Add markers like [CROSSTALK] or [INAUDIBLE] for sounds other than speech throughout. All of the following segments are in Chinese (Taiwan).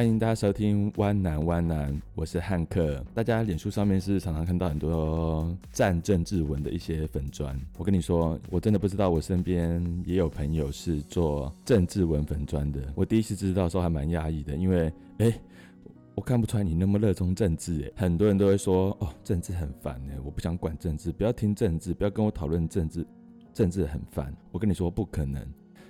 歡迎大家收聽《灣男灣男》，我是漢克。大家臉書上面是常常看到很多戰政治文的一些粉專。我跟你說，我真的不知道，我身邊也有朋友是做政治文粉專的。我第一次知道的時候還蠻訝異的，因為哎、欸，我看不出來你那麼熱衷政治哎、欸。很多人都會說哦，政治很煩哎、欸，我不想管政治，不要聽政治，不要跟我討論政治，政治很煩。我跟你說，不可能，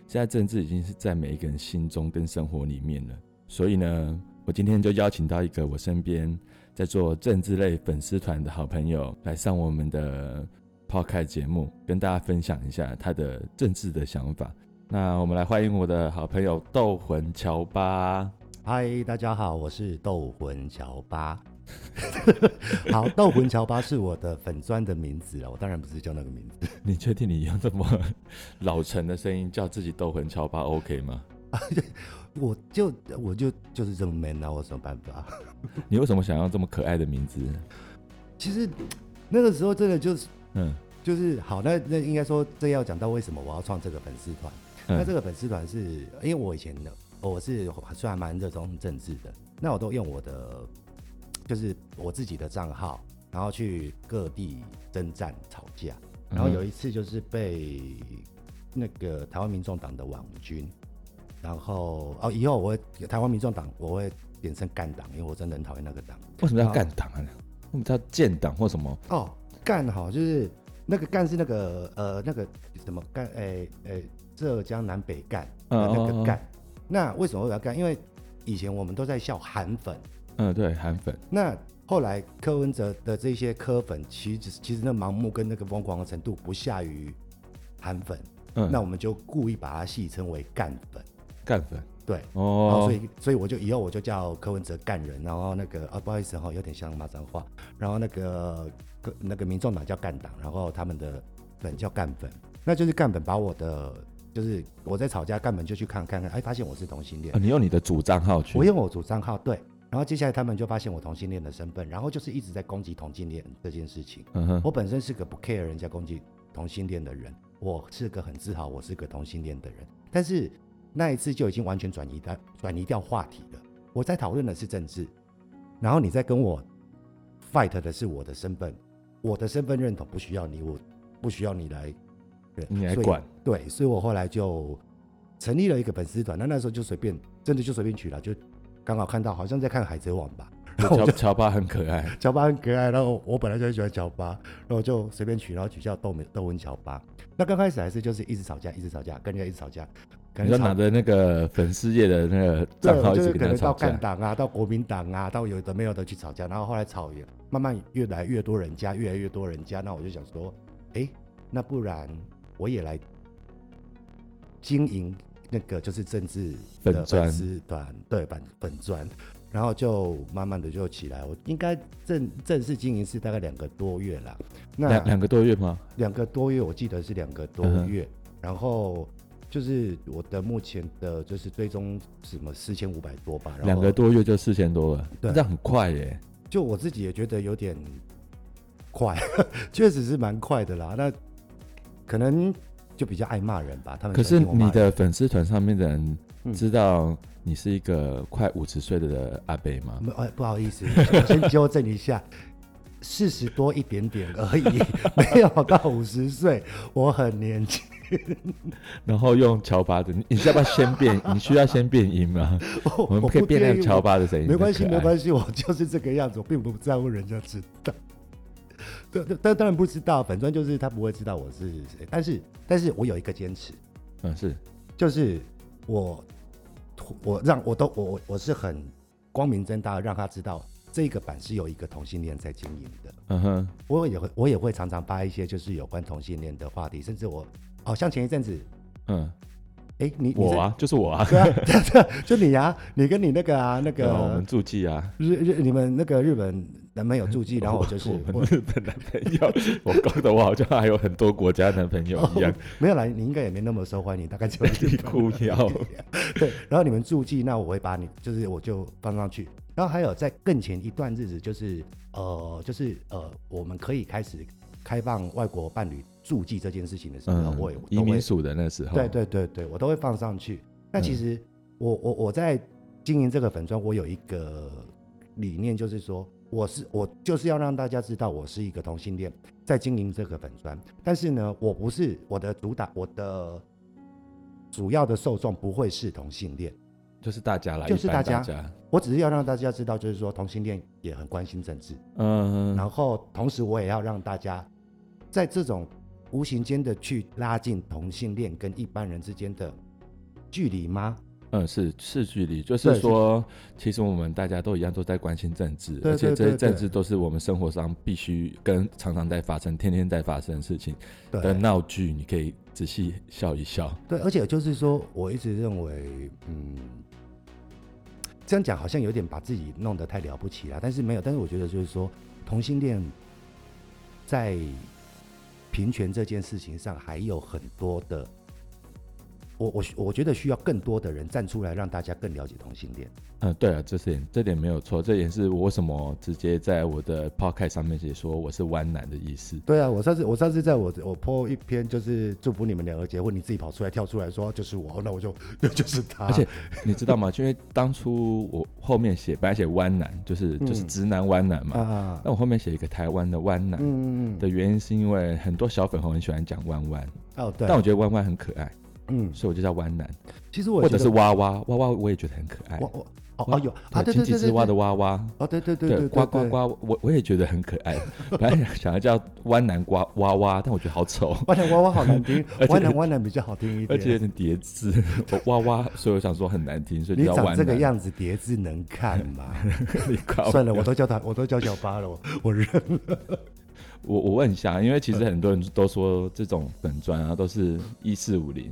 現在政治已經是在每一個人心中跟生活裡面了。所以呢，我今天就邀請到一個我身邊在做政治類粉絲團的好朋友來上我們的 Podcast 節目，跟大家分享一下他的政治的想法。那我們來歡迎我的好朋友鬥魂喬巴。嗨，大家好，我是鬥魂喬巴。 [LAUGHS] 好，鬥魂喬巴是我的粉專的名字啦，我當然不是叫那個名字。你確定你用這麼老成的聲音叫自己鬥魂喬巴 OK 嗎？ [LAUGHS] 我就我就就是這麼 man 啊，我有什麼辦法？ [LAUGHS] 你為什麼想要這麼可愛的名字？其實那個時候真的就、嗯就是，嗯，就是好。那那應該說，這要講到為什麼我要創這個粉絲團。嗯、那這個粉絲團是，因為我以前的我是還算蠻熱衷政治的。那我都用我的就是我自己的賬號，然後去各地征戰吵架。然後有一次就是被那個台灣民眾黨的網軍。然後哦，以後我會台灣民眾黨，我會貶稱干黨，因為我真的很討厭那個黨。為什麼要干黨啊？我們後叫建黨或什麼？哦，干好，就是那個干是那個呃那個什麼干哎哎，浙江南北干、嗯、那個干。哦、那為什麼我要干？因為以前我們都在笑韓粉。嗯，對，韓粉。那後來柯文哲的這些柯粉，其實其實那盲目跟那個瘋狂的程度不下於韓粉。嗯，那我們就故意把它戲稱為干粉。幹幹粉對，哦，所以所以我就以後我就叫柯文哲幹人。然後那個啊，不好意思哈、哦，有點像罵髒話，然後那個，個那個民眾黨叫幹黨，然後他們的粉叫幹粉。那就是幹粉把我的就是我在吵架，干本就去看看看，哎，發現我是同性戀、啊，你用你的主賬號去，我用我主賬號對，然後接下來他們就發現我同性戀的身份，然後就是一直在攻擊同性戀這件事情，嗯、哼我本身是個不 care 人家攻擊同性戀的人，我是個很自豪我是個同性戀的人，但是。那一次就已經完全轉移的轉移掉話題了。我在討論的是政治，然後你在跟我 fight 的是我的身份，我的身份認同不需要你，我不需要你來，你來管。對，所以我後來就成立了一個粉絲團。那那時候就隨便，真的就隨便取了，就剛好看到好像在看海賊王吧，然後我就喬，喬巴很可愛， [LAUGHS] 喬巴很可愛，然後我，我本來就很喜歡喬巴，然後就隨便取，然後取叫鬥，鬥魂喬巴。那剛開始還是就是一直吵架，一直吵架，跟人家一直吵架。你就拿着那個粉絲頁的那個賬號，就是可能到共黨啊，到國民黨啊，到有的沒有的去吵架，然後後來吵也慢慢越來越多人加，越來越多人加，那我就想說，哎、欸，那不然我也來經營那個就是政治的粉絲團，粉專對粉粉專，然後就慢慢的就起來，我應該正正式經營是大概兩個多月了，那兩個多月嗎？兩個多月，我記得是兩個多月，嗯、哼然後。就是我的目前的，就是最終什麼四千五百多吧，然後兩個多月就四千多了，那、嗯、很快耶。就我自己也覺得有點快，確實是蠻快的啦。那可能就比較愛罵人吧。他們可是你的粉絲團上面的人知道你是一個快五十歲的阿北嗎？不、嗯嗯嗯，不好意思，我先糾正一下，四十 [LAUGHS] 多一點點而已， [LAUGHS] 沒有到五十歲，我很年輕。 [LAUGHS] 然後用喬巴的，你需要不要先變？ [LAUGHS] 你需要先變音嗎？我，我，我們可以變成喬巴的誰？沒關係，沒關係，我就是這個樣子，我並不在乎人家知道。 [LAUGHS] 但當然不知道，反正就是他不會知道我是誰。但是但是我有一個堅持，嗯，是，就是我我讓我都我我是很光明正大讓他知道這個版是有一個同性戀在經營的。嗯哼，我也會我也會常常發一些就是有關同性戀的話題，甚至我。好、哦，像前一陣子，嗯，哎，你，你我啊，就是我啊， [LAUGHS] 對，啊對啊，就你呀，啊，你跟你那個啊，那個、嗯、我們助記啊，日日你們那個日本男朋友助記，嗯、然後我就是日本男朋友， [LAUGHS] 我搞得我好像還有很多國家男朋友一樣，哦，沒有啦，你應該也沒那麼受歡迎，大概就一條，哭 [LAUGHS] 對，然後你們助記，那我會把你，就是我就放上去，然後還有在更前一段日子，就是呃，就是呃，我們可以開始開放外國伴侶。註記這件事情的時候，嗯、我會，移民署的那時候，對對對對，我都會放上去。那、嗯、其實我我我在經營這個粉專，我有一個理念，就是說我是我就是要讓大家知道，我是一個同性戀在經營這個粉專。但是呢，我不是我的主打，我的主要的受眾不會是同性戀，就是大家了，就是大家。大家我只是要讓大家知道，就是說同性戀也很關心政治。嗯哼，然後同時我也要讓大家在這種。無形間的去拉近同性戀跟一般人之間的距離嗎？嗯，是是距離，就是說，是其實我們大家都一樣，都在關心政治。對而且這些政治都是我們生活上必須跟常常在發生，天天在發生的事情對的鬧劇，你可以仔細笑一笑。對，而且就是說，我一直認為，嗯，這樣講好像有點把自己弄得太了不起了，但是沒有，但是我覺得就是說，同性戀在。平權這件事情上還有很多的。我我我覺得需要更多的人站出來，讓大家更了解同性戀。嗯、呃，對啊，這一點這一點沒有錯，這也是我為什麼直接在我的 podcast 上面寫說我是彎男的意思。對啊，我上次我上次在我我 po 一篇就是祝福你們兩個結婚，你自己跑出來跳出來說就是我，那我就那就，就是他。而且你知道嗎？ [LAUGHS] 因為當初我後面寫本來寫彎男，就是、嗯、就是直男彎男嘛。那、嗯啊、我後面寫一個台灣的彎男，嗯嗯嗯的原因是因為很多小粉紅很喜歡講彎彎哦，對、啊，但我覺得彎彎很可愛。嗯，所以我就叫彎男，其實我覺得，或者是娃娃娃娃，我也覺得很可愛。娃娃哦，哦有好，對對對對，幾隻蛙的娃娃。哦對對對對，呱呱呱，我我也覺得很可愛。本來想要叫彎男呱娃娃，但我覺得好醜，彎男娃娃好難聽，彎男彎男比較好聽一點，而且有點疊字娃娃，所以我想說很難聽，所以叫彎男。你這個樣子疊字能看嗎？ [LAUGHS] 算了，我都叫他，我都叫小巴了，我認了我認。我我問一下，因為其實很多人都說這種粉專啊，都是一四五零。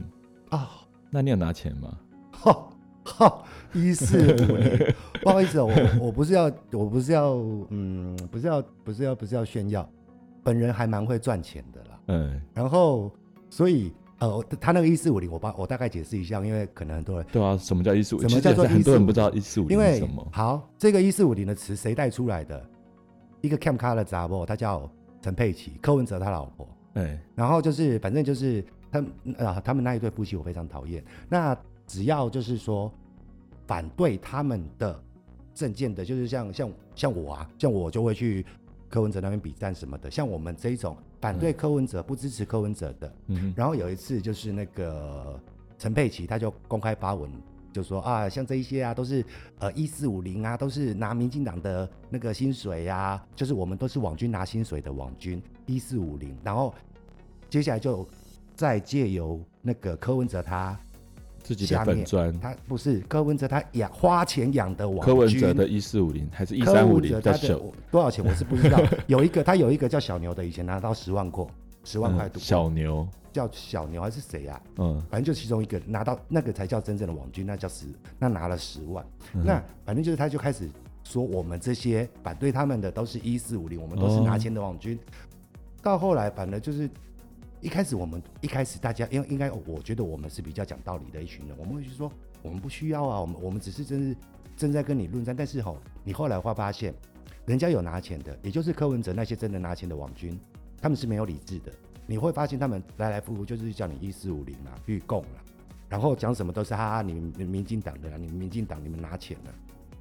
啊，oh, 那你有拿錢嗎？哈，哈，一四五零，不好意思、喔，我我不是要，我不是要，嗯，不是要，不是要，不是要炫耀， [LAUGHS] 本人還蠻會賺錢的啦。嗯，然後，所以，呃，他那個一四五零，我把我大概解釋一下，因為可能很多人對啊，什麼叫一四五？叫做很多人不知道一四五零是什麼。好，這個一四五零的詞誰帶出來的？一個 c a m car 的雜播，他叫陳佩琪，柯文哲他老婆。嗯，然後就是，反正就是。他們啊、呃，他們那一對夫妻我非常討厭。那只要就是說反對他們的政見的，就是像像像我啊，像我就會去柯文哲那邊比戰什麼的。像我們這一種反對柯文哲、不支持柯文哲的，嗯。然後有一次就是那個陳佩琪，他就公開發文就說啊，像這一些啊，都是呃一四五零啊，都是拿民進黨的那個薪水啊，就是我們都是網軍拿薪水的網軍一四五零。50, 然後接下來就。再借由那個柯文哲他，他自己的粉專，他不是柯文哲，他養花錢養的網軍。柯文哲他的一四五零還是一三五零的手？ [LAUGHS] 多少錢？我是不知道。 [LAUGHS] 有一個，他有一個叫小牛的，以前拿到十萬過，十萬塊多、嗯。小牛叫小牛還是誰啊？嗯，反正就其中一個拿到那個才叫真正的網軍，那叫十，那拿了十萬。嗯、哼那反正就是他就開始說，我們這些反對他們的都是一四五零，我們都是拿錢的網軍。哦、到後來，反正就是。一開始我們一開始大家因為應該我覺得我們是比較講道理的一群人，我們會去說，我們不需要啊，我們我們只是真是正在跟你論戰。但是齁你後來會發現，人家有拿錢的，也就是柯文哲那些真的拿錢的網軍，他們是沒有理智的。你會發現他們來來復復就是叫你一四五零啊，綠共啊，然後講什麼都是哈哈、啊，你們民進黨的啊，你們民進黨你們拿錢了、啊。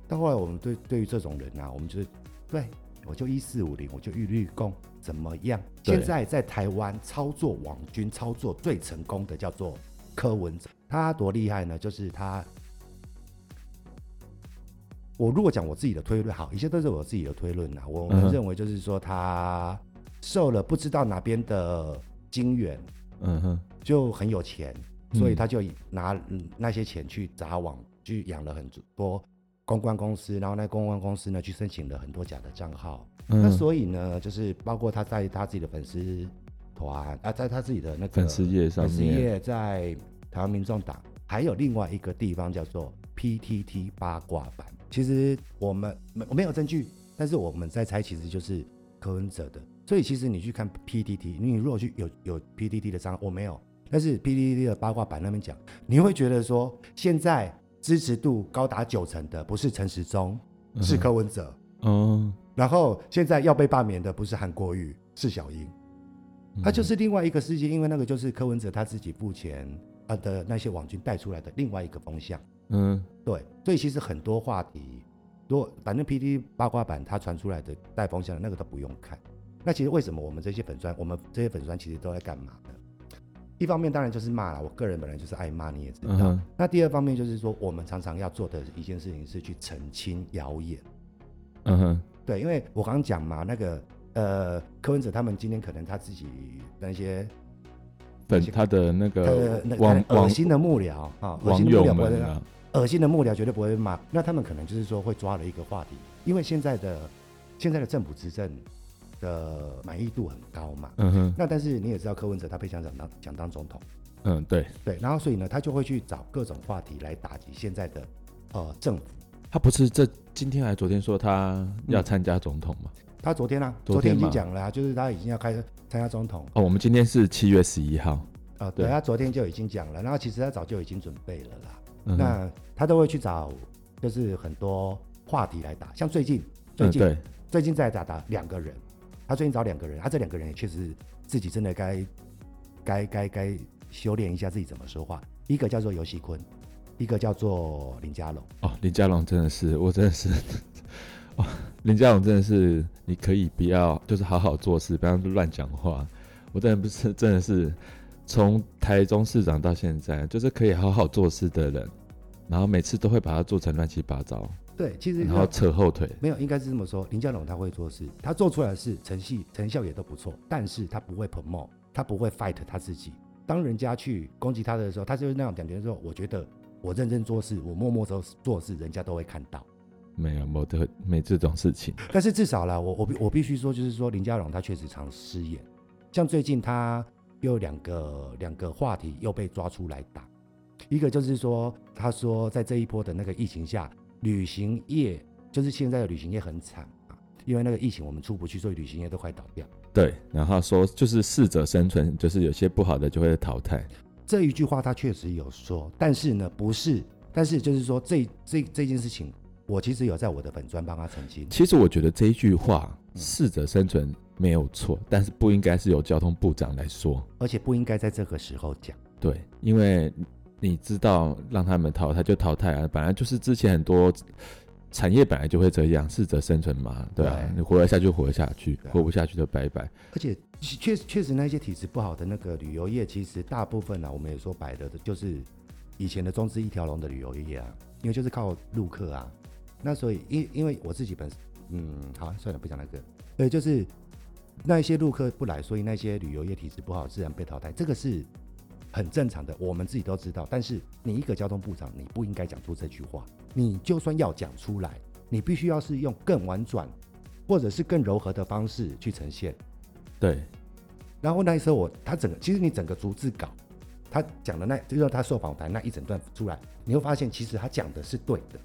但後來我們對對於這種人啊，我們就是對。我就一四五零，我就玉律工，怎麼樣？對現在在台灣操作網軍操作最成功的叫做柯文哲，他多厲害呢？就是他，我如果講我自己的推論，好，一切都是我自己的推論吶、啊。我們認為就是說，他受了不知道哪邊的金援，嗯哼，就很有錢，嗯、哼所以他就拿那些錢去砸網，去養了很多。公關公司，然後那公關公司呢，去申請了很多假的賬號。嗯，那所以呢，就是包括他在他自己的粉絲團啊，在他自己的那個粉絲業上面，粉絲業在台灣民眾黨，還有另外一個地方叫做 PTT 八卦版。其實我們我沒有證據，但是我們在猜，其實就是柯文哲的。所以其實你去看 PTT，你如果去有有 PTT 的賬號，我沒有，但是 PTT 的八卦版那邊講，你會覺得說現在。支持度高達九成的不是陳時中，是柯文哲。嗯、uh，huh. uh huh. 然後現在要被罷免的不是韓國瑜，是小英。Uh huh. 他就是另外一個世界，因為那個就是柯文哲他自己付錢，他的那些網軍帶出來的另外一個風向。嗯、uh，huh. 對。所以其實很多話題，多，反正 PTT 八卦版他傳出來的帶風向的那個都不用看。那其實為什麼我們這些粉專，我們這些粉專其實都在幹嘛呢？一方面當然就是罵了，我個人本來就是愛罵，你也知道。嗯哼。那第二方面就是說，我們常常要做的一件事情是去澄清謠言。嗯哼，對，因為我剛剛講嘛，那個呃，柯文哲他們今天可能他自己那些，那些對，他的那個網噁心的幕僚友們啊，噁心幕僚不會，噁心的幕僚絕對不會罵。那他們可能就是說，會抓了一個話題，因為現在的現在的政府執政的滿意度很高嘛。嗯哼。那但是你也知道，柯文哲他非常想，想當想當總統。嗯，對對。然後所以呢，他就會去找各種話題來打擊現在的呃政府。他不是這今天還昨天說他要參加總統嗎？嗯？他昨天啊，昨天，昨天已經講了。啊，就是他已經要開始參加總統。哦，我們今天是七月十一號啊。呃。對，他昨天就已經講了，然後其實他早就已經準備了啦。嗯、哼那他都會去找就是很多話題來打，像最近最近、嗯、最近在打打兩個人。他最近找兩個人，他這兩個人也確實自己真的該該該該修煉一下自己怎麼說話。一個叫做游錫堃，一個叫做林佳龍。哦，林佳龍真的是，我真的是，嗯、哦，林佳龍真的是，你可以不要就是好好做事，不要亂講話。我真的不是真的是，從台中市長到現在，嗯、就是可以好好做事的人，然後每次都會把他做成亂七八糟。對，其實你要扯後腿，沒有，應該是這麼說。林佳龍他會做事，他做出來的事成績成效也都不錯，但是他不會 promote，他不會 fight 他自己。當人家去攻擊他的時候，他就是那樣講，就是說，我覺得我認真做事，我默默的做事，人家都會看到。沒有，沒這沒這種事情。但是至少啦，我我必我必須說，就是說林佳龍他確實常失言，像最近他又兩個兩個話題又被抓出來打，一個就是說他說在這一波的那個疫情下。旅行業就是現在的旅行業很慘啊，因為那個疫情，我們出不去，所以旅行業都快倒掉。對，然後說就是適者生存，就是有些不好的就會淘汰。這一句話他確實有說，但是呢，不是，但是就是說這這這件事情，我其實有在我的粉專幫他澄清。其實我覺得這一句話，嗯嗯，適者生存沒有錯，但是不應該是由交通部長來說，而且不應該在這個時候講。對，因為。你知道，讓他們淘汰就淘汰啊！本來就是之前很多產業本來就會這樣，適者生存嘛，對吧，啊？對，你活得下去就活得下去，啊、活不下去就拜拜。而且確，確實確實，那些體質不好的那個旅遊業，其實大部分呢，啊，我們也說白了，就是以前的中資一條龍的旅遊業啊，因為就是靠陸客啊。那所以因為因為我自己本身，嗯，好算了，不講那個。對，就是那一些陸客不來，所以那些旅遊業體質不好，自然被淘汰。這個是。很正常的，我們自己都知道。但是你一個交通部長，你不應該講出這句話。你就算要講出來，你必須要是用更婉轉，或者是更柔和的方式去呈現。對。然後那時候我，他整個其實你整個逐字稿，他講的那，就是他受訪談那一整段出來，你會發現其實他講的是對的，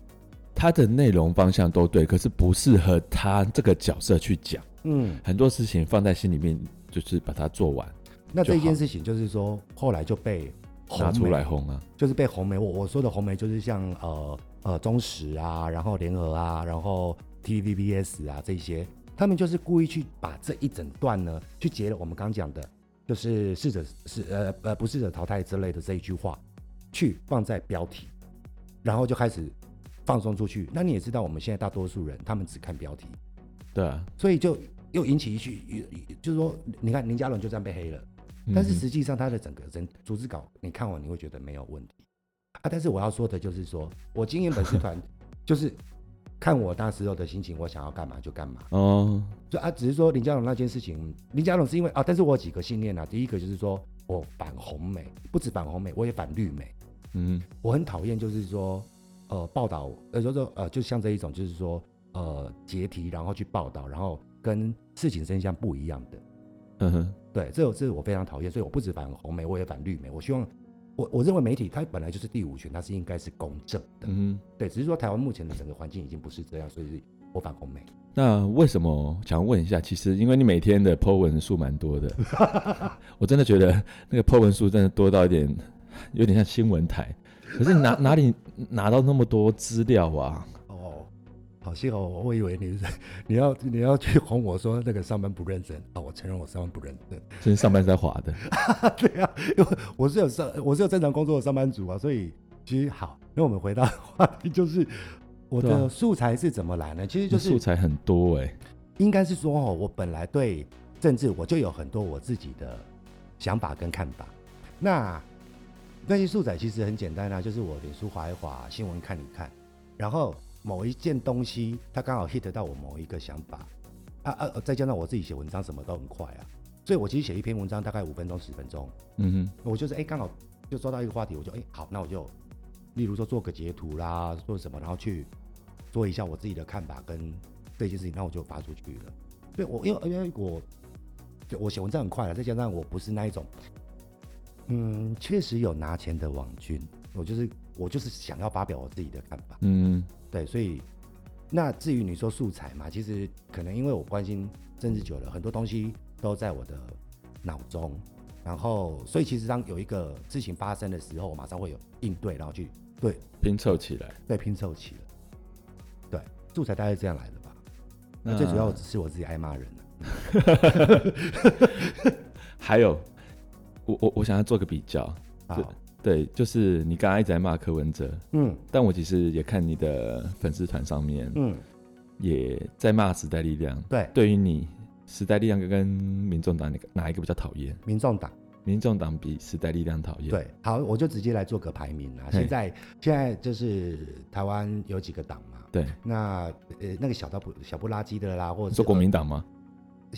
他的內容方向都對，可是不適合他這個角色去講。嗯，很多事情放在心裡面，就是把它做完。那這件事情就是說，後來就被拿就紅出來紅了，啊，就是被紅媒。我我說的紅媒就是像呃呃中時啊，然後聯合啊，然後 T V B S 啊這些，他們就是故意去把這一整段呢去截了。我們剛講的就是適者是呃呃不適者淘汰之類的這一句話，去放在標題，然後就開始放送出去。那你也知道，我們現在大多數人他們只看標題，對啊，所以就又引起一句，就是說你看林佳龍就這樣被黑了。但是實際上，他的整個人逐字稿你看完你會覺得沒有問題啊。但是我要說的就是說，我經營粉絲團，就是看我那時候的心情，我想要幹嘛就幹嘛。哦，就啊，只是說林佳龍那件事情，林佳龍是因為啊。但是我有幾個信念呢、啊？第一個就是說，我反紅媒，不止反紅媒，我也反綠媒。嗯，我很討厭就是說，呃，報道，呃，說說呃，就像這一種，就是說，呃，解題然後去報道，然後跟事情真相不一樣的。嗯哼。對，這這是我非常討厭，所以我不止反紅媒，我也反綠媒。我希望，我我認為媒體它本來就是第五權，它是應該是公正的。嗯，對，只是說台灣目前的整個環境已經不是這樣，所以我反紅媒。那為什麼想問一下？其實因為你每天的 po 文數蠻多的， [LAUGHS] 我真的覺得那個 po 文數真的多到一點，有點像新聞台。可是哪哪裡拿到那麼多資料啊？幸好我以為你是你要你要去哄我說那個上班不認真啊。哦！我承認我上班不認真，其實上班在滑的， [LAUGHS] 對啊，因為我是有上我是有正常工作的上班族啊，所以其實好，那我們回到話題，就是我的素材是怎麼來呢？啊、其實就是素材很多誒，應該是說哦，我本來對政治我就有很多我自己的想法跟看法，那那些素材其實很簡單啊，就是我臉書滑一滑，新聞看一看，然後。某一件東西，它剛好 hit 到我某一個想法。啊啊！再加上我自己寫文章什麼都很快啊，所以，我其實寫一篇文章大概五分鐘、十分鐘，嗯哼，我就是哎，剛、欸、好就抓到一個話題，我就哎、欸、好，那我就，例如說做個截圖啦，做什麼，然後去做一下我自己的看法跟這件事情，那我就發出去了。對我，因為因為我，我寫文章很快了、啊，再加上我不是那一種，嗯，確實有拿錢的網軍，我就是我就是想要發表我自己的看法，嗯，嗯。對，所以那至於你說素材嘛，其實可能因為我關心政治久了，很多東西都在我的腦中，然後所以其實當有一個事情發生的時候，我馬上會有應對，然後去對拼湊起來，對拼湊起來，對，素材大概是這樣來的吧。那最主要只是我自己愛罵人， [LAUGHS] [LAUGHS] 還有我我我想要做個比較啊。對，就是你剛才一直在罵柯文哲，嗯，但我其實也看你的粉絲團上面，嗯，也在罵時代力量。對，對於你，時代力量跟民眾黨哪個哪一個比較討厭？民眾黨，民眾黨比時代力量討厭。對，好，我就直接來做個排名啦。現在現在就是台灣有幾個黨嘛？對，那呃那個小到小不拉幾的啦，或者做國民黨嗎？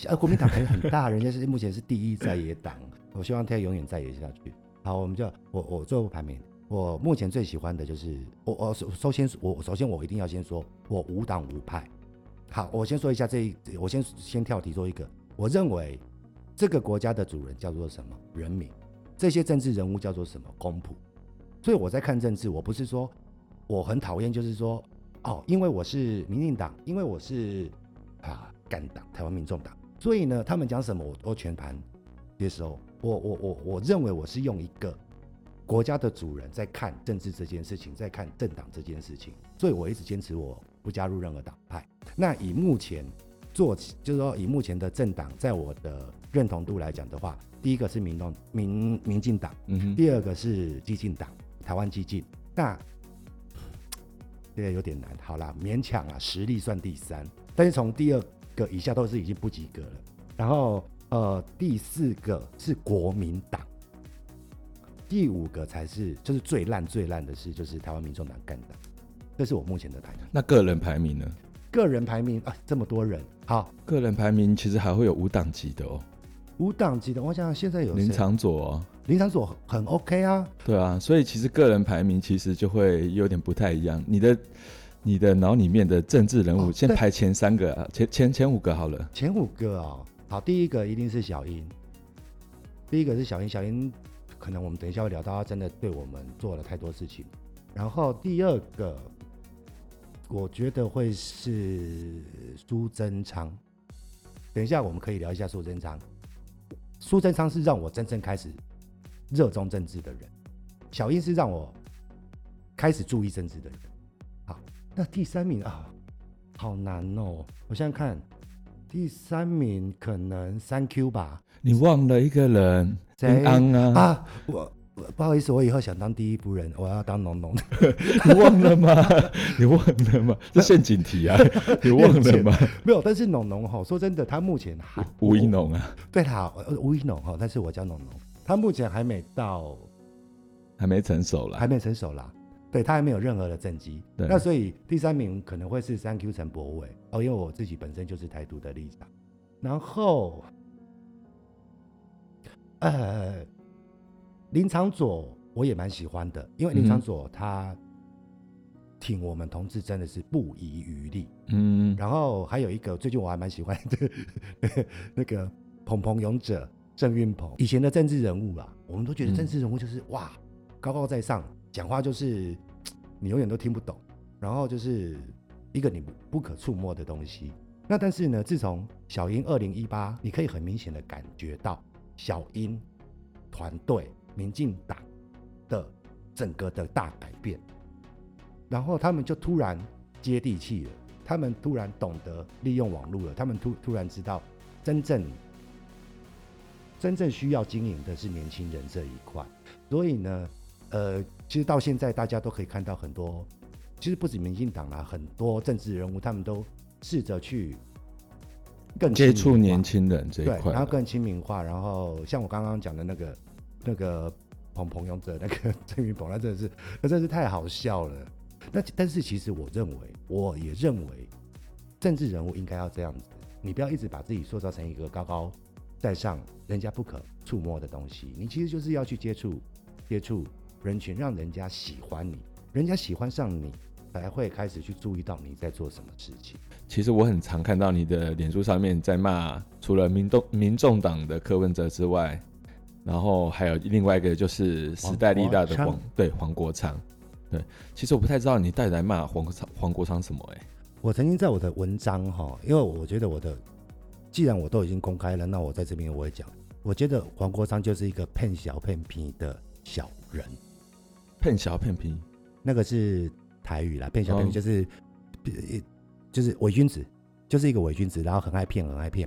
呃，國民黨可能很大，人家是目前是第一在野黨，我希望他永遠在野下去。好，我們就我我最後排名，我目前最喜歡的就是我我首首先我首先我一定要先說，我無黨無派。好，我先說一下這一，我先先跳題做一個，我認為這個國家的主人叫做什麼？人民，這些政治人物叫做什麼？公僕。所以我在看政治，我不是說我很討厭，就是說哦，因為我是民進黨，因為我是啊，敢黨台灣民眾黨，所以呢，他們講什麼我都全盤接受。我我我我認為我是用一個國家的主人在看政治這件事情，在看政黨這件事情，所以我一直堅持我不加入任何黨派。那以目前做起，就是說以目前的政黨，在我的認同度來講的話，第一個是民民民進黨，嗯哼第二個是基進黨、台灣基進，那這個有點難，好啦，勉強啊，時力算第三，但是從第二個以下都是已經不及格了，然後，呃，第四個是國民黨，第五個才是，就是最爛最爛的是，就是台灣民眾黨幹的。這是我目前的排名。那個人排名呢個人排名啊，哎，這麼多人，好，個人排名其實還會有無黨籍的哦。無黨籍的，我想現在有林昶佐哦。林昶佐很 OK 啊。對啊，所以其實個人排名其實就會有點不太一樣。你的，你的腦裡面的政治人物，哦，先排前三個，啊對前，前前前五個好了。前五個啊，哦。好，第一個一定是小英，第一個是小英。小英可能我們等一下會聊到，她真的對我們做了太多事情。然後第二個，我覺得會是蘇貞昌。等一下我們可以聊一下蘇貞昌。蘇貞昌是讓我真正開始熱衷政治的人，小英是讓我開始注意政治的人。好，那第三名啊，好難哦、喔，我想想看。第三名可能三 Q 吧。你忘了一個人？誰？啊，我不好意思，我以後想當第一夫人，我要當農農。 [LAUGHS] 你忘了嗎？ [LAUGHS] 你忘了嗎？這陷阱題啊！你忘了嗎？ [LAUGHS] 沒有，但是農農哈，說真的，他目前還吳怡農啊，對，他，吳怡農哈，但是我叫農農，他目前還沒到，還沒成熟了，還沒成熟啦，對他還沒有任何的政績，對那所以第三名可能會是三 Q 陳柏惟。哦，因為我自己本身就是台獨的立場，然後，呃，林昶佐我也蠻喜歡的，因為林昶佐他挺我們同志真的是不遺餘力。嗯。然後還有一個最近我還蠻喜歡的， [LAUGHS] 那個鵬鵬勇者鄭運鵬，以前的政治人物啦，我們都覺得政治人物就是、嗯、哇高高在上，講話就是你永遠都聽不懂，然後就是。一個你不可觸摸的東西。那但是呢，自從小英二零一八，你可以很明顯的感覺到小英團隊、民進黨的整個的大改變。然後他們就突然接地氣了，他們突然懂得利用網絡了，他們突突然知道真正真正需要經營的是年輕人這一塊。所以呢，呃，其實到現在大家都可以看到很多。其實不止民進黨啦，啊，很多政治人物他們都試着去更接觸年輕人這一塊，然後更親民化。然後像我剛剛講的那個那個蓬蓬勇者那個鄭運鵬，那真的是那真是太好笑了。那但是其實我認為，我也認為政治人物應該要這樣子，你不要一直把自己塑造成一個高高在上，人家不可觸摸的東西。你其實就是要去接觸接觸人群，讓人家喜歡你，人家喜歡上你。才會開始去注意到你在做什麼事情。其實我很常看到你的臉書上面在罵，除了民動民眾黨的柯文哲之外，然後還有另外一個就是時代力大的黃對黃國昌，對，其實我不太知道你到底在罵黃國黃國昌什麼哎、欸。我曾經在我的文章哈，因為我覺得我的既然我都已經公開了，那我在這邊我也講，我覺得黃國昌就是一個騙小騙皮的小人，騙小騙皮，那個是。台語啦，騙小騙就是，嗯呃、就是偽君子，就是一個偽君子，然後很愛騙，很愛騙。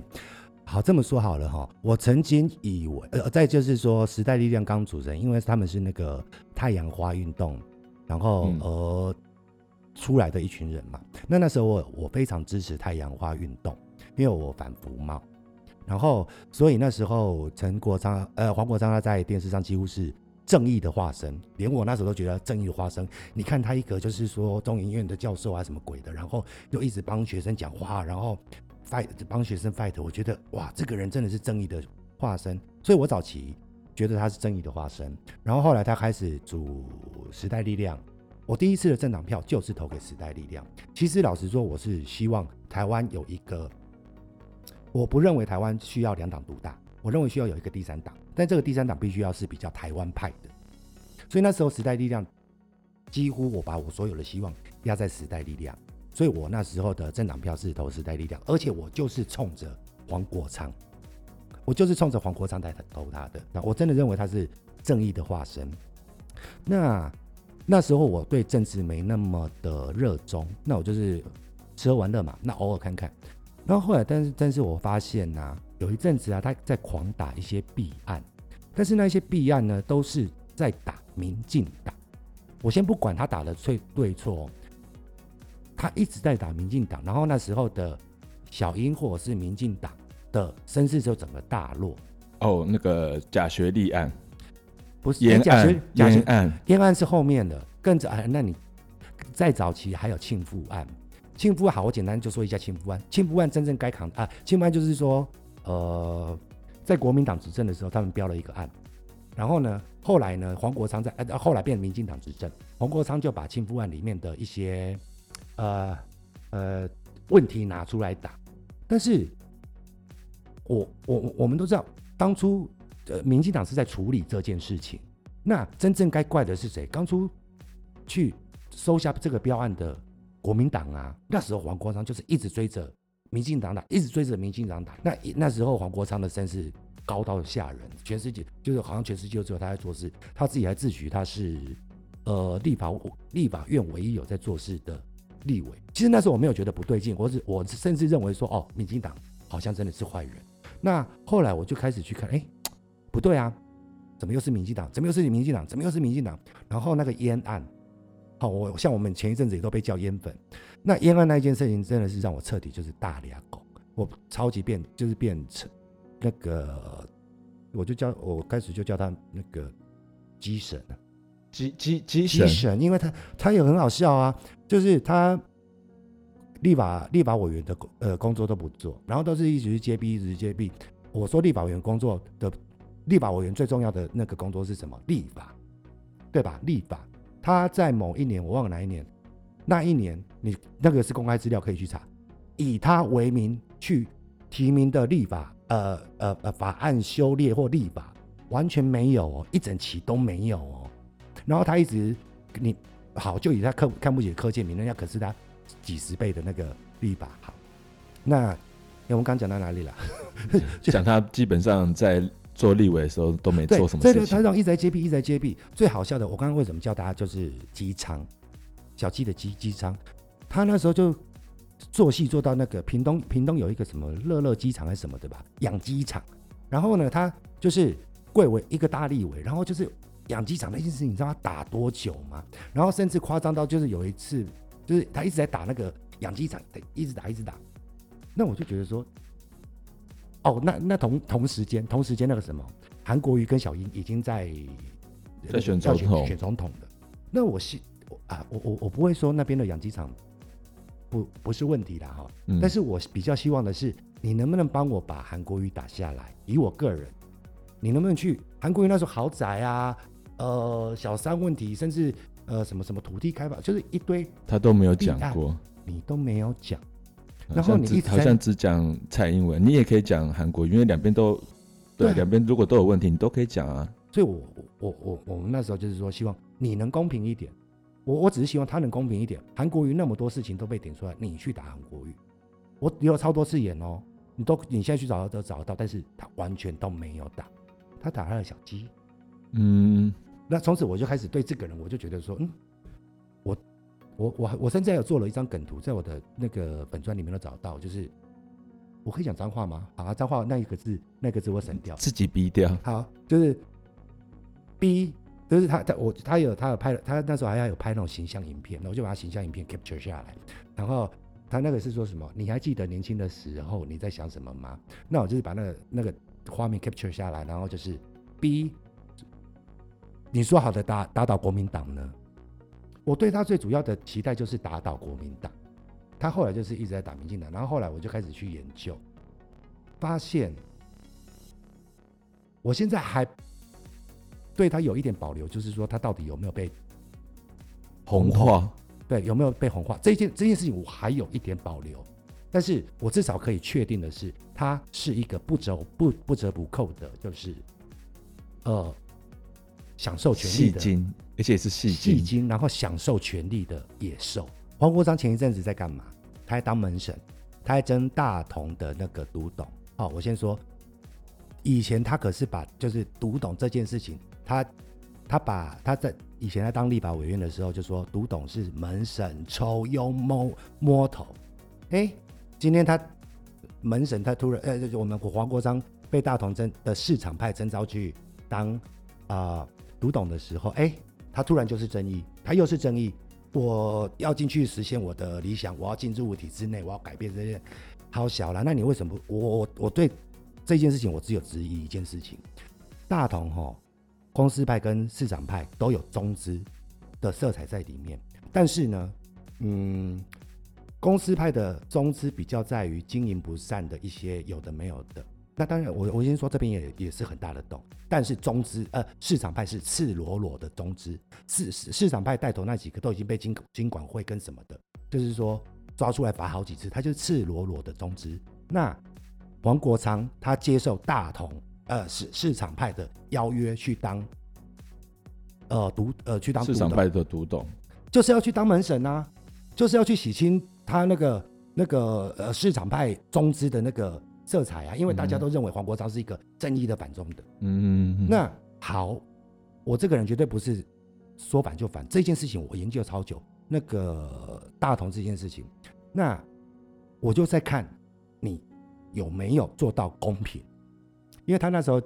好，這麼說好了哈，我曾經以為，呃，再就是說，時代力量剛組成，因為他們是那個太陽花運動，然後而出來的一群人嘛。那、嗯、那時候我我非常支持太陽花運動，因為我反服貿。然後所以那時候陳國昌，呃，黃國昌他在電視上幾乎是。正義的化身，連我那時候都覺得正義的化身。你看他一個就是說中研院的教授啊什麼鬼的，然後就一直幫學生講話，然後 fight 幫學生 fight，我覺得哇，這個人真的是正義的化身。所以我早期覺得他是正義的化身，然後後來他開始組時代力量，我第一次的政黨票就是投給時代力量。其實老實說，我是希望台灣有一個，我不認為台灣需要兩黨獨大。我認為需要有一個第三黨，但這個第三黨必須要是比較台灣派的，所以那時候時代力量幾乎我把我所有的希望壓在時代力量，所以我那時候的政黨票是投時代力量，而且我就是衝着黃國昌，我就是衝着黃國昌來投他的。那我真的認為他是正義的化身。那那時候我對政治沒那麼的熱衷，那我就是吃喝玩樂嘛，那偶爾看看。然後後來，但是但是我發現吶、啊。有一陣子啊，他在狂打一些弊案，但是那些弊案呢，都是在打民進黨。我先不管他打的對對錯，他一直在打民進黨。然後那時候的小英或者是民進黨的聲勢就整個大落。哦，那個假學歷案不是延案，延案延案是後面的，跟着啊，那你再早期還有慶富案，慶富好，我簡單就說一下慶富案。慶富案真正該扛啊，慶富案就是說。呃，在國民黨執政的時候，他們標了一個案，然後呢，後來呢，黃國昌在呃，後來變成民進黨執政，黃國昌就把慶富案裡面的一些呃呃問題拿出來打，但是我我我們都知道，當初呃民進黨是在處理這件事情，那真正該怪的是誰？當初去收下這個標案的國民黨啊，那時候黃國昌就是一直追着，民進黨打，一直追着民進黨打。那那時候黃國昌的聲勢高到嚇人，全世界就是好像全世界只有他在做事，他自己還自詡他是，呃，立法立法院唯一有在做事的立委。其實那時候我沒有覺得不對勁，我是我甚至認為說，哦，民進黨好像真的是壞人。那後來我就開始去看，哎、欸，不對啊，怎麼又是民進黨？怎麼又是民進黨？怎麼又是民進黨？然後那個冤案。好，我像我們前一陣子也都被叫煙粉，那煙案那一件事情真的是讓我徹底就是大牙狗，我超級變就是變成那個，我就叫我開始就叫他那個雞神啊，雞雞雞神，因為他他也很好笑啊，就是他立法立法委員的工呃工作都不做，然後都是一直接弊一直接弊，我說立法委員工作的立法委員最重要的那個工作是什麼？立法，對吧？立法。他在某一年，我忘了哪一年，那一年你那個是公開資料可以去查，以他為名去提名的立法，呃呃呃法案修例或立法完全沒有哦，一整期都沒有哦。然後他一直你好，就以他科看不起柯建銘，人家可是他幾十倍的那個立法。好，那我們剛講到哪裡了？ [LAUGHS] 就講他基本上在。做立委的時候都沒做什麼事情，對。這個他講一直在揭弊，一直在揭弊，最好笑的，我剛剛為什麼叫大家就是雞場，小雞的雞，雞場，他那時候就做戲做到那個屏東，屏東有一個什麼樂樂雞場還是什麼對吧？養雞場，然後呢，他就是貴為一個大立委，然後就是養雞場那件事情，你知道他打多久嗎？然後甚至誇張到就是有一次，就是他一直在打那個養雞場，一直打一直打，一直打，那我就覺得說。哦，那那同同時間，同時間那個什麼，韓國瑜跟小英已經在在選總統選，選總統的。那我是啊，我我我不會說那邊的養雞場不不是問題的哈。嗯。但是我比較希望的是，你能不能幫我把韓國瑜打下來？以我個人，你能不能去韓國瑜那時候豪宅啊，呃，小三問題，甚至呃什麼什麼土地開發，就是一堆他都沒有講過，你都沒有講。然後你好像，好像只講蔡英文，你也可以講韓國瑜，因為兩邊都，對，對兩邊如果都有問題，你都可以講啊。所以我我我我們那時候就是說，希望你能公平一點。我我只是希望他能公平一點。韓國瑜那麼多事情都被點出來，你去打韓國瑜，我有超多次演哦，你都你現在去找都找得到，但是他完全都沒有打，他打他的小雞。嗯，那從此我就開始對這個人，我就覺得說，嗯。我我我甚至還有做了一張梗圖，在我的那個粉專裡面都找到，就是我可以講髒話嗎？好啊，髒話那一個字，那個字我省掉，自己逼掉。好，就是 B，就是他他我他有他有拍了，他那時候還要有拍那種形象影片，那我就把他形象影片 capture 下來，然後他那個是說什麼？你還記得年輕的時候你在想什麼嗎？那我就是把那個、那個畫面 capture 下來，然後就是 B，你說好的打打倒國民黨呢？我對他最主要的期待就是打倒國民黨，他後來就是一直在打民進黨，然後後來我就開始去研究，發現，我現在還對他有一點保留，就是說他到底有沒有被紅化？紅化對，有沒有被紅化？這件這件事情我還有一點保留，但是我至少可以確定的是，他是一個不折不不折不扣的，就是呃，享受權力的細。而且也是戲精，然後享受權力的野獸。黃國昌前一陣子在幹嘛？他還當門神，他還爭大同的那個獨董。哦，我先說，以前他可是把就是獨董這件事情，他他把他在以前他當立法委員的時候就說獨董是門神抽佣摸摸頭。哎，今天他門神他突然呃，我們黃國昌被大同真的市場派徵召去當啊、呃、獨董的時候，哎。他突然就是爭議，他又是爭議。我要進去實現我的理想，我要進入體制內，我要改變這些，好小啦，那你為什麼？我我我對這件事情，我只有質疑一件事情：大同哈、喔，公司派跟市場派都有中資的色彩在裡面。但是呢，嗯，公司派的中資比較在於經營不善的一些有的沒有的。那當然，我我先說這邊也也是很大的洞，但是中資呃市場派是赤裸裸的中資市市場派帶頭那幾個都已經被金金管會跟什麼的，就是說抓出來罰好幾次，他就是赤裸裸的中資。那黃國昌他接受大同，呃市市場派的邀約去當，呃獨呃去當市場派的獨董，就是要去當門神啊，就是要去洗清他那個那個呃市場派中資的那個色彩啊，因為大家都認為黃國昌是一個正義的反中的。嗯，嗯，嗯，嗯，那好，我這個人絕對不是說反就反。這件事情我研究了超久，那個大同這件事情，那我就在看你有沒有做到公平，因為他那時候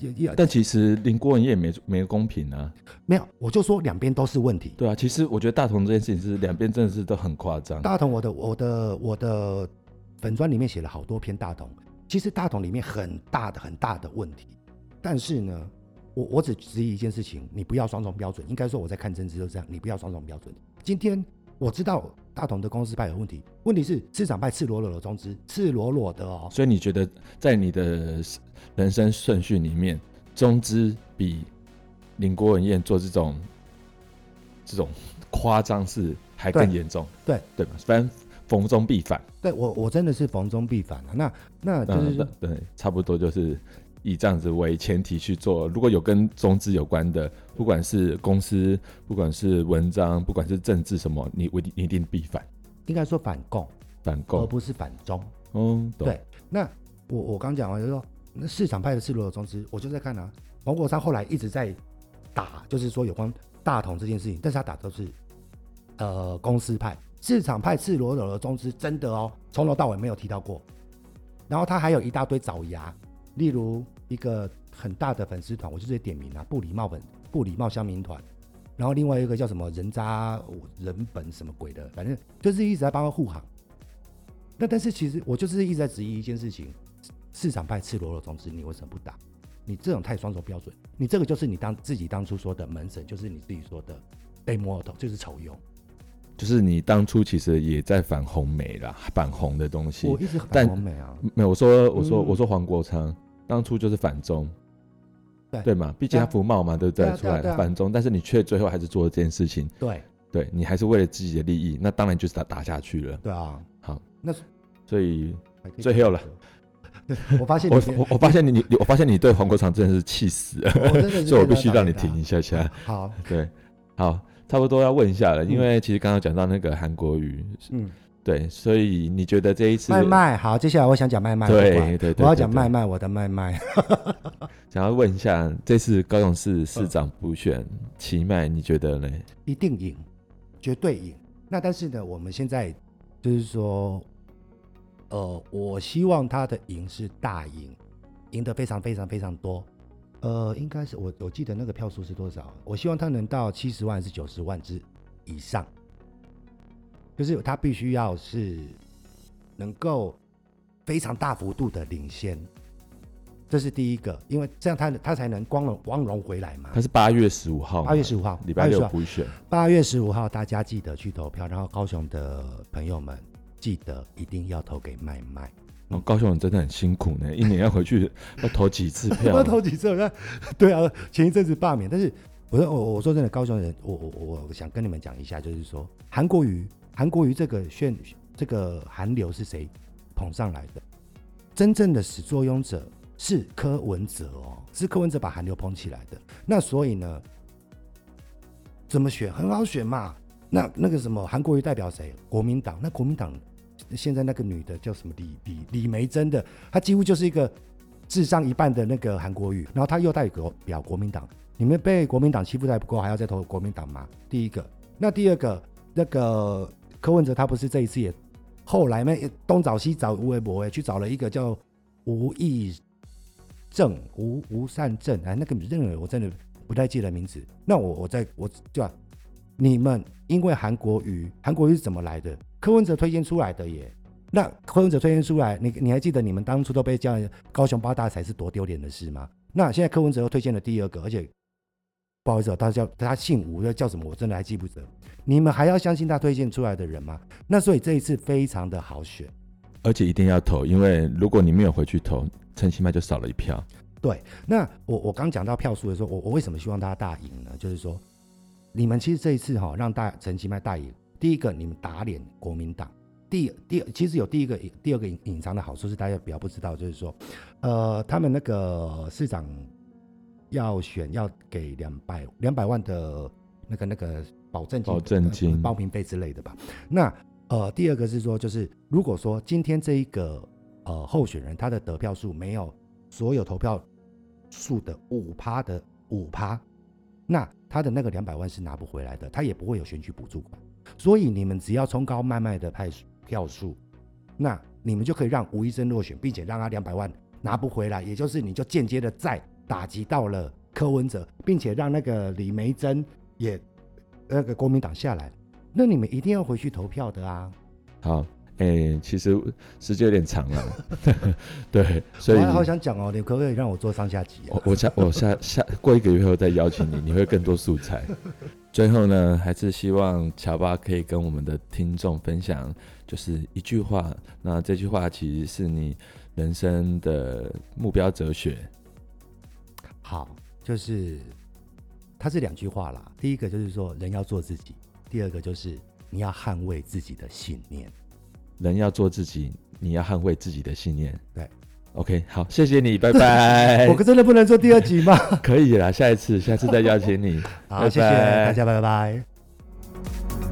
也也，但其實林國文也沒沒公平啊，沒有，我就說兩邊都是問題。對啊，其實我覺得大同這件事情是兩邊真的是都很誇張。大同我，我的我的我的。我的本專裡面寫了好多篇大同，其實大同裡面很大的很大的問題，但是呢，我我只質疑一件事情，你不要雙重標準。應該說我在看政治就是這樣，你不要雙重標準。今天我知道大同的公司派有問題，問題是市場派赤裸裸的中資，赤裸裸的哦。所以你覺得在你的人生順序裡面，中資比林郭文艷做這種這種誇張事還更嚴重？對對吧？反正。逢中必反，對我我真的是逢中必反啊！那那就是、嗯、對，差不多就是以這樣子為前提去做。如果有跟中資有關的，不管是公司，不管是文章，不管是政治什麼，你，你一定必反。應該說反共，反共而不是反中。嗯，對。那我我剛講完就是說，那市場派的赤裸的中資，我就在看啊，王國生後來一直在打，就是說有關大同這件事情，但是他打都是呃公司派。市場派赤裸裸的中資，真的哦，從頭到尾沒有提到過。然後他還有一大堆爪牙，例如一個很大的粉絲團，我就直接點名了，不禮貌本不禮貌鄉民團。然後另外一個叫什麼人渣人本什麼鬼的，反正就是一直在幫他護航。那但是其實我就是一直在質疑一件事情：市場派赤裸裸中資，你為什麼不打？你這種太雙重標準，你這個就是你當自己當初說的門神，就是你自己說的被摸了頭，就是丑用。就是你當初其實也在反紅媒了，反紅的東西。但沒有。我說我說我說黃國昌當初就是反中，對對嘛，畢竟他服貿嘛，都在出來反中，但是你卻最後還是做了這件事情。對，對你還是為了自己的利益，那當然就是他打下去了。對啊，好，那所以最後了，我發現我我發現你你我發現你對黃國昌真的是氣死了，所以我必須讓你停一下下。好，對，好。.差不多要問一下了，因為其實剛剛講到那個韓國瑜，嗯，對，所以你覺得這一次麥麥好？接下來我想講麥麥，對對對，對，我要講麥麥，我的麥麥。 [LAUGHS] 想要問一下，這次高雄市市長補選，其麥、嗯、你覺得呢？一定贏，絕對贏。那但是呢，我們現在就是說，呃，我希望他的贏是大贏，贏得非常非常非常多。呃，應該是我我記得那個票數是多少？我希望他能到七十萬至九十萬之以上，就是他必須要是能夠非常大幅度的領先，這是第一個，因為這樣他他才能光榮光榮回來嘛。他是八月十五號嗎？八月十五號，禮拜六補選。八月十五號，八月十五號，八月十五號大家記得去投票，然後高雄的朋友們記得一定要投給邁邁。哦、高雄人真的很辛苦呢，一年要回去要投幾次票， [LAUGHS] 要投幾次？對啊，前一陣子罷免，但是我說我我說真的，高雄人，我我我想跟你們講一下，就是說韓國瑜，韓國瑜這個炫這個韓流是誰捧上來的？真正的始作俑者是柯文哲哦，是柯文哲把韓流捧起來的。那所以呢，怎麼選？很好選嘛。那那個什麼韓國瑜代表誰？國民黨？那國民黨？現在那個女的叫什麼李？李李李眉蓁的，她幾乎就是一個智商一半的那個韓國瑜，然後她又代表國民黨，你們被國民黨欺負的還不夠，還要再投國民黨嗎？第一個，那第二個，那個柯文哲他不是這一次也後來呢，東找西找吳為博去找了一個叫吳益政、吳吳善正哎，那個名字我真的不太記得名字。那我我再我叫、啊、你們，因為韓國瑜，韓國瑜是怎麼來的？柯文哲推薦出來的耶，那柯文哲推薦出來，你你還記得你們當初都被叫高雄八大才是多丟臉的事嗎？那現在柯文哲又推薦了第二個，而且不好意思哦，他叫他姓吳，的叫什麼我真的還記不得。你們還要相信他推薦出來的人嗎？那所以這一次非常的好選，而且一定要投，因為如果你沒有回去投，陳其邁就少了一票。對，那我我剛講到票數的時候，我我為什麼希望他大贏呢？就是說，你們其實這一次哈、喔、讓大陳其邁大贏。第一個，你們打臉國民黨。第第，其實有第一個、第二個隱藏的好處是大家比較不知道，就是說，呃，他們那個市長要選，要給兩百兩百萬的那個那個保證金、保證金，這個、報名費之類的吧。那呃，第二個是說，就是如果說今天這一個呃候選人他的得票數沒有所有投票數的五趴的五趴，那他的那個兩百萬是拿不回來的，他也不會有選舉補助款。所以你們只要衝高賣賣的派票數，那你們就可以讓吳醫生落選，並且讓他兩百萬拿不回來，也就是你就間接的再打擊到了柯文哲，並且讓那個李梅珍也那個國民黨下來，那你們一定要回去投票的啊！好。哎、欸，其實時間有點長了，啊， [LAUGHS] 對，所以我還好想講哦、喔，你可不可以讓我做上下集？啊，我，我下我下下過一個月後再邀請你，你會更多素材。 [LAUGHS] 最後呢，還是希望喬巴可以跟我們的聽眾分享，就是一句話，那這句話其實是你人生的目標哲學。好，就是它是兩句話啦。第一個就是說，人要做自己；第二個就是你要捍衛自己的信念。人要做自己，你要捍衛自己的信念。對，OK，好，謝謝你，拜拜。 [LAUGHS] 我可真的不能做第二集嗎？可以啦，下一次，下次再邀請你。 [LAUGHS] 好，拜拜，謝謝大家，拜拜拜。